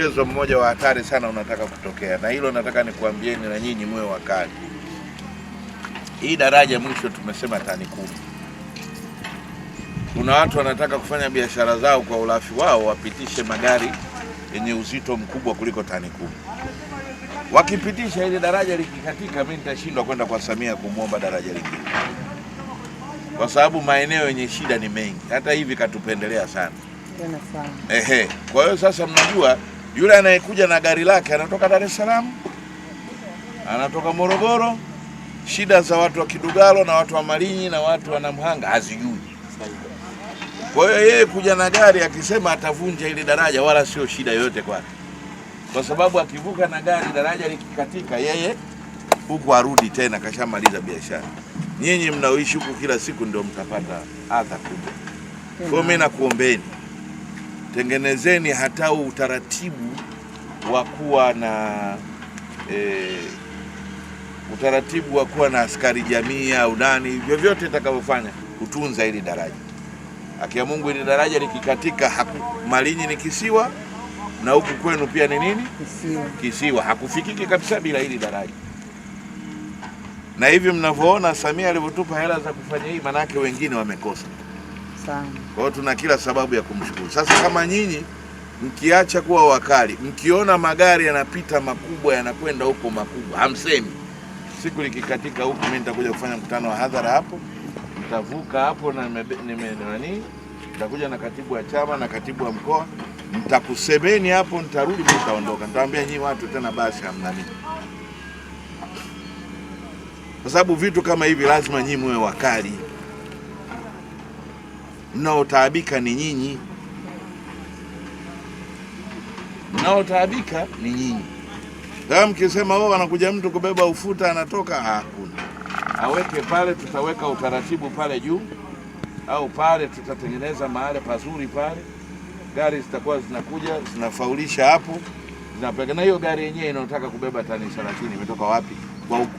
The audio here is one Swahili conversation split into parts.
mchezo mmoja wa hatari sana unataka kutokea, na hilo nataka nikuambieni na nyinyi muwe wakali. Hii daraja mwisho tumesema tani kumi. Kuna watu wanataka kufanya biashara zao kwa ulafi wao, wapitishe magari yenye uzito mkubwa kuliko tani kumi. Wakipitisha ile daraja likikatika, mimi nitashindwa kwenda kwa Samia kumwomba daraja lingine, kwa sababu maeneo yenye shida ni mengi. Hata hivi katupendelea sana. Ehe, kwa hiyo sasa mnajua yule anayekuja na gari lake anatoka Dar es Salaam, anatoka Morogoro, shida za watu wa Kidugalo na watu wa Malinyi na watu wa Namhanga hazijui. Kwa hiyo yeye kuja na gari akisema atavunja ile daraja wala sio shida yoyote kwake, kwa sababu akivuka na gari daraja likikatika, yeye huku arudi tena, kashamaliza biashara. Nyinyi mnaoishi huku kila siku ndio mtapata adha kubwa. Kwa mimi nakuombeni tengenezeni hata utaratibu wa kuwa na e, utaratibu wa kuwa na askari jamii au nani, vyovyote itakavyofanya kutunza hili daraja. Akia Mungu, hili daraja likikatika, Malinyi ni kisiwa na huku kwenu pia ni nini, kisiwa, kisiwa. Hakufikiki kabisa bila hili daraja, na hivi mnavyoona Samia alivyotupa hela za kufanya hii, manake wengine wamekosa sana. Kwa hiyo tuna kila sababu ya kumshukuru. Sasa kama nyinyi mkiacha kuwa wakali, mkiona magari yanapita makubwa yanakwenda huko makubwa, hamsemi. Siku likikatika huku, mimi nitakuja kufanya mkutano wa hadhara hapo, nitavuka hapo na nani, nitakuja na katibu wa chama na katibu wa mkoa, nitakusemeni hapo, nitarudi, nitaondoka, nitawaambia nyinyi watu tena, basi hamna nini, kwa sababu vitu kama hivi lazima nyinyi mwe wakali mnaotaabika ni nyinyi, mnaotaabika ni nyinyi. Aa, mkisema wao anakuja mtu kubeba ufuta anatoka, ah, hakuna aweke pale. Tutaweka utaratibu pale juu, au pale tutatengeneza mahali pazuri pale, gari zitakuwa zinakuja zinafaulisha hapo, zinapeleka. Na hiyo gari yenyewe inayotaka kubeba tani 30 imetoka wapi? Kwa huko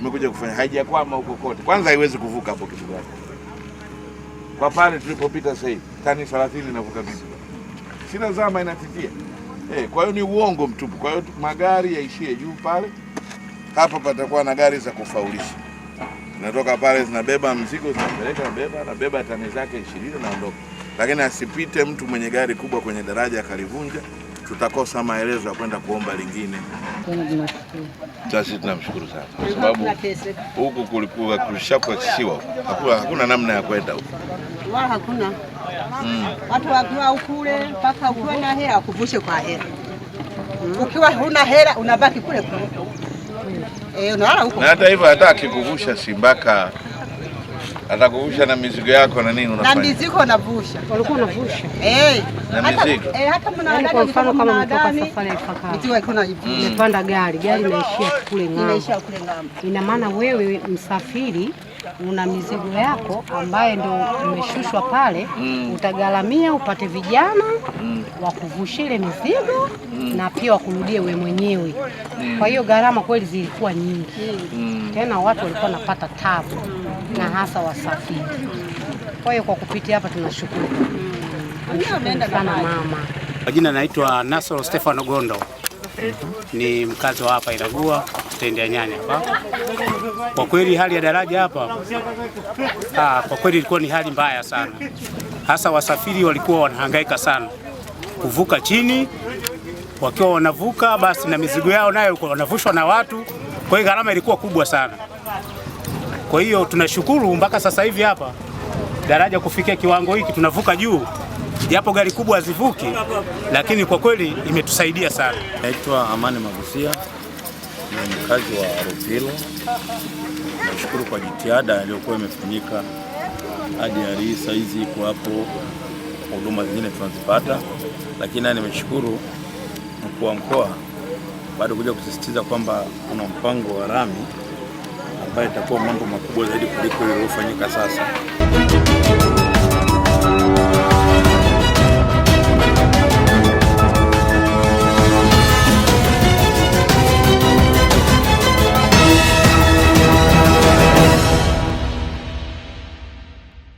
imekuja kufanya, haijakwama huko kote. Kwanza haiwezi kuvuka hapo kitu gani? kwa pale tulipopita sasa hivi tani 30 inavuka Biblia, sina zama inafikia eh. Kwa hiyo ni uongo mtupu. Kwa hiyo magari yaishie juu pale, hapa patakuwa na gari za kufaulisha, zinatoka pale zinabeba mzigo zinapeleka, beba nabeba tani zake ishirini naondoka, lakini asipite mtu mwenye gari kubwa kwenye daraja akalivunja tutakosa maelezo ya kwenda kuomba lingine. Sasa tunamshukuru sana kwa sababu huku kulikuwa kulishakuakisiwa, hakuna namna ya kwenda huku wala hakuna mm. watu wakiwa ukule mpaka ukiwa na hela akuvushe kwa hela. Ukiwa huna hela unabaki kule kule, eh, unaona huko. Na hata hivyo hata akikuvusha si mpaka atakuvusha na mizigo yako na nini unafanya? Na mizigo anavusha. Walikuwa wanavusha. Eh. Na mizigo. Eh, hata mna gari yaani kwa mfano kama mtoka safari ifakaa. Mtu yuko na ipanda gari, gari inaishia kule ng'ambo. Inaishia kule ng'ambo. Ina maana wewe msafiri una mizigo yako ambaye ndo umeshushwa pale mm. Utagharamia upate vijana mm. wakuvushe ile mizigo mm. na pia wakurudie we mwenyewe mm. Kwa hiyo gharama kweli zilikuwa nyingi mm. Tena watu walikuwa wanapata tabu mm. na hasa wasafiri. Kwa hiyo kwa kupitia hapa tunashukuru mm. sana mama. Kwa jina naitwa Nasoro Stefano Gondo ni mkazi wa hapa Iragua stendi ya Nyanya hapa. Kwa kweli hali ya daraja hapa ah, kwa kweli ilikuwa ni hali mbaya sana, hasa wasafiri walikuwa wanahangaika sana kuvuka chini. Wakiwa wanavuka basi na mizigo yao nayo wanavushwa na watu, kwa hiyo gharama ilikuwa kubwa sana. Kwa hiyo tunashukuru mpaka sasa hivi hapa daraja kufikia kiwango hiki, tunavuka juu japo gari kubwa hazivuki, lakini kwa kweli imetusaidia sana. Naitwa Amani Magusia ni mkazi wa Rovello. Nashukuru kwa jitihada iliyokuwa imefanyika hadi hali hii saizi iko hapo, huduma zingine tunazipata, lakini naye nimeshukuru mkuu wa mkoa bado kuja kusisitiza kwamba kuna mpango wa rami ambayo itakuwa mambo makubwa zaidi kuliko iliyofanyika sasa.